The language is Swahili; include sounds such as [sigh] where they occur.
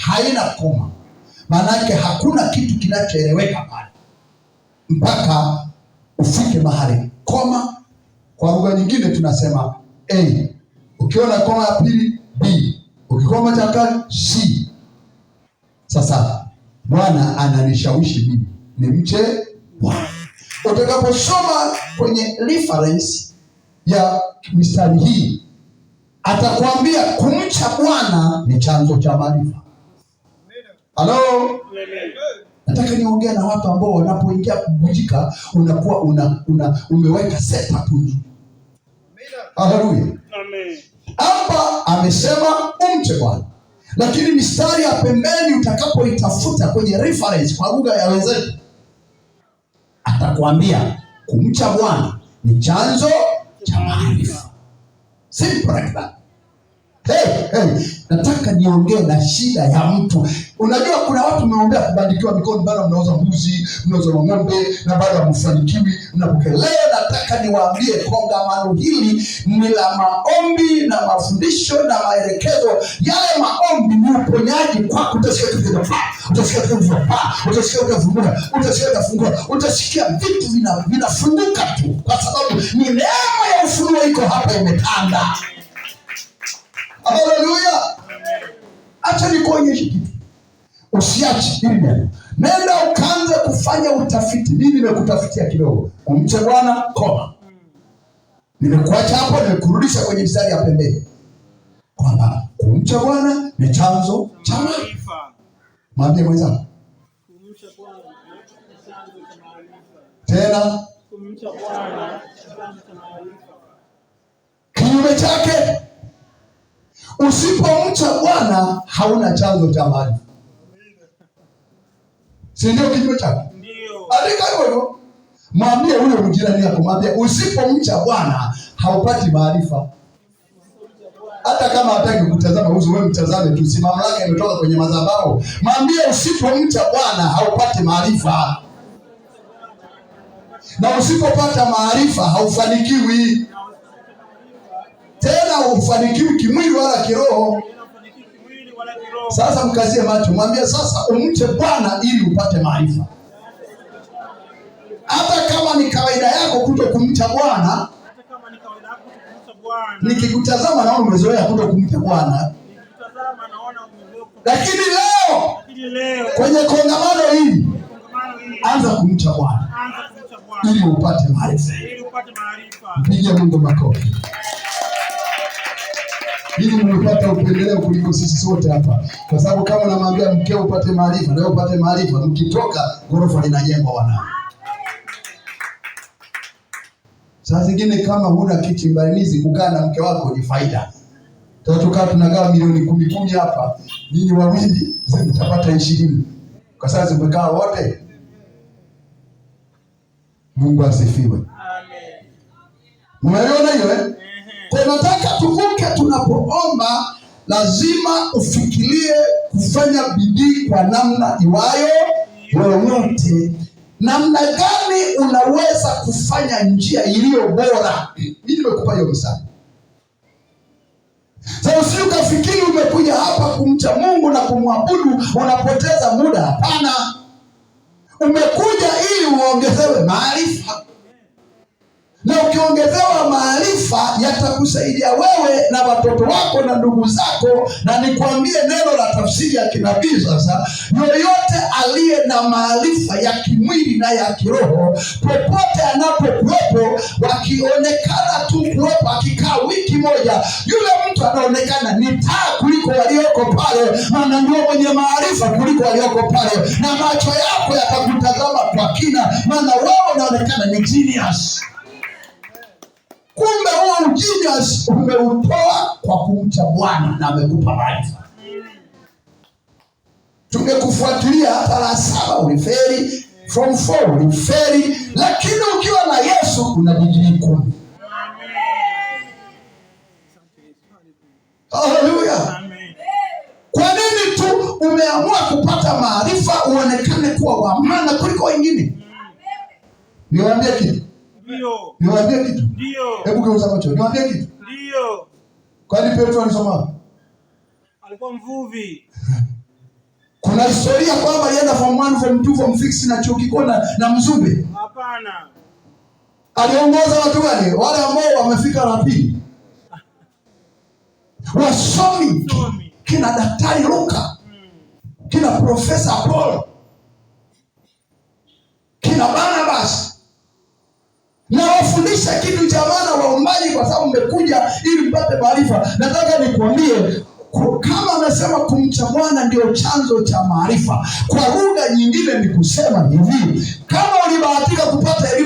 haina koma, maanake hakuna kitu kinachoeleweka pale mpaka ufike mahali koma. Kwa lugha nyingine tunasema A, ukiona koma ya pili B, ukikoma cha kati C. Sasa Bwana ananishawishi mimi ni mche Bwana. Utakaposoma kwenye reference ya mistari hii atakwambia kumcha Bwana ni chanzo cha maarifa. Halo, nataka niongea na watu ambao wanapoingia kubujika unakuwa una, una, umeweka setup. Haleluya, Hapa amesema umche Bwana, lakini mistari ya pembeni utakapoitafuta kwenye reference kwa lugha ya wenzetu atakwambia kumcha Bwana ni chanzo cha maarifa. Simple like that. Hey, hey. Nataka niongee na shida ya mtu. Unajua, kuna watu mnaombea kubandikiwa mikono, bado mnauza mbuzi, mnauza ng'ombe na bado hamfanikiwi, mnapokelea. Nataka niwaambie kongamano hili ni la maombi na mafundisho na maelekezo. Yale maombi ni uponyaji kwako. Utasikia kitu kinafaa, utasikia kitu kinafaa, utasikia utafunguka, utasikia utafunguka, utasikia vitu vinafunguka tu, kwa sababu ni neema ya ufunuo iko hapa, imetanda. Haleluya! acha nikuonyeshe kitu, usiache hili neno. Nenda ukaanze kufanya utafiti. Mimi nimekutafutia kidogo, kumcha Bwana, koma. Nimekuacha hapo, nimekurudisha kwenye mstari ya pembeni, kwamba kumcha Bwana ni chanzo cha maarifa. Mwambie mwenzangu tena, kinyume chake Usipomcha Bwana hauna chanzo cha maji, si ndio? Kinyume chake, andika hivyo hivyo, mwambie ule mjirani yako, mwambie usipomcha Bwana haupati maarifa. Hata kama hataki kutazama uso, wewe mtazame tu, si mamlaka imetoka kwenye madhabahu. Mwambie usipomcha Bwana haupati maarifa, na usipopata maarifa haufanikiwi tena ufanikiwi kimwili wala kiroho. Sasa mkazie macho, mwambie sasa, umche Bwana ili upate maarifa. Hata kama ni kawaida yako kuto kumcha Bwana, nikikutazama naona umezoea kuto kumcha Bwana, lakini leo kwenye kongamano hili anza kumcha Bwana ili upate maarifa. Piga Mungu makofi ili mlipata upendeleo kuliko sisi sote hapa, kwa sababu kama namwambia mkeo upate maarifa, leo upate maarifa, mkitoka ghorofa linajengwa wanao. Saa zingine kama huna kiti mbalizi, kukaa na mke wako ni faida. Tukaa tunagawa milioni kumi kumi hapa, nyinyi wawili mtapata ishirini kwa saa zimekaa wote. Mungu asifiwe. Amen. Umeona hiyo eh? nataka tukumbuke, tunapoomba lazima ufikirie kufanya bidii kwa namna iwayo yoyote. Namna gani unaweza kufanya njia iliyo bora? Mimi nimekupa hiyo misali sasa, usije ukafikiri umekuja hapa kumcha Mungu na kumwabudu unapoteza muda. Hapana, umekuja ili uongezewe maarifa na ukiongezewa maarifa yatakusaidia wewe na watoto wako na ndugu zako. Na nikuambie neno la tafsiri ya kinabii sasa, yoyote aliye na maarifa ya kimwili na ya kiroho, popote anapokuwepo, wakionekana tu kuwepo, akikaa wiki moja, yule mtu anaonekana ni taa kuliko walioko pale, maana ndio mwenye maarifa kuliko walioko pale, na macho yako yatakutazama kwa kina, maana wewe unaonekana ni genius. Genius umeutoa kwa kumcha Bwana na amekupa maarifa. Tungekufuatilia hata la saba uliferi, form four uliferi, lakini ukiwa na Yesu una digrii kumi. Haleluya! Kwa nini tu umeamua kupata maarifa uonekane kuwa wa maana kuliko wengine? Niwaambie kitu Niwaambie kitu? Ndio. Hebu geuza macho. Niwaambie kitu? Ndio. Kwani Petro alisoma? Alikuwa mvuvi. [laughs] Kuna historia kwamba alienda form 1, form 2, form 6 na chuo kikuu na, na Mzumbe. Hapana. Aliongoza watu wale Wale ambao wamefika la pili. [laughs] Wasomi. Kina Daktari Luka. Hmm. Kina Profesa Apollo. Kina nawafundisha kitu cha maana waumbaji, kwa sababu mmekuja ili mpate maarifa. Nataka nikuambie kama amesema kumcha Bwana ndio chanzo cha maarifa. Kwa lugha nyingine ni kusema hivi, kama ulibahatika kupata elimu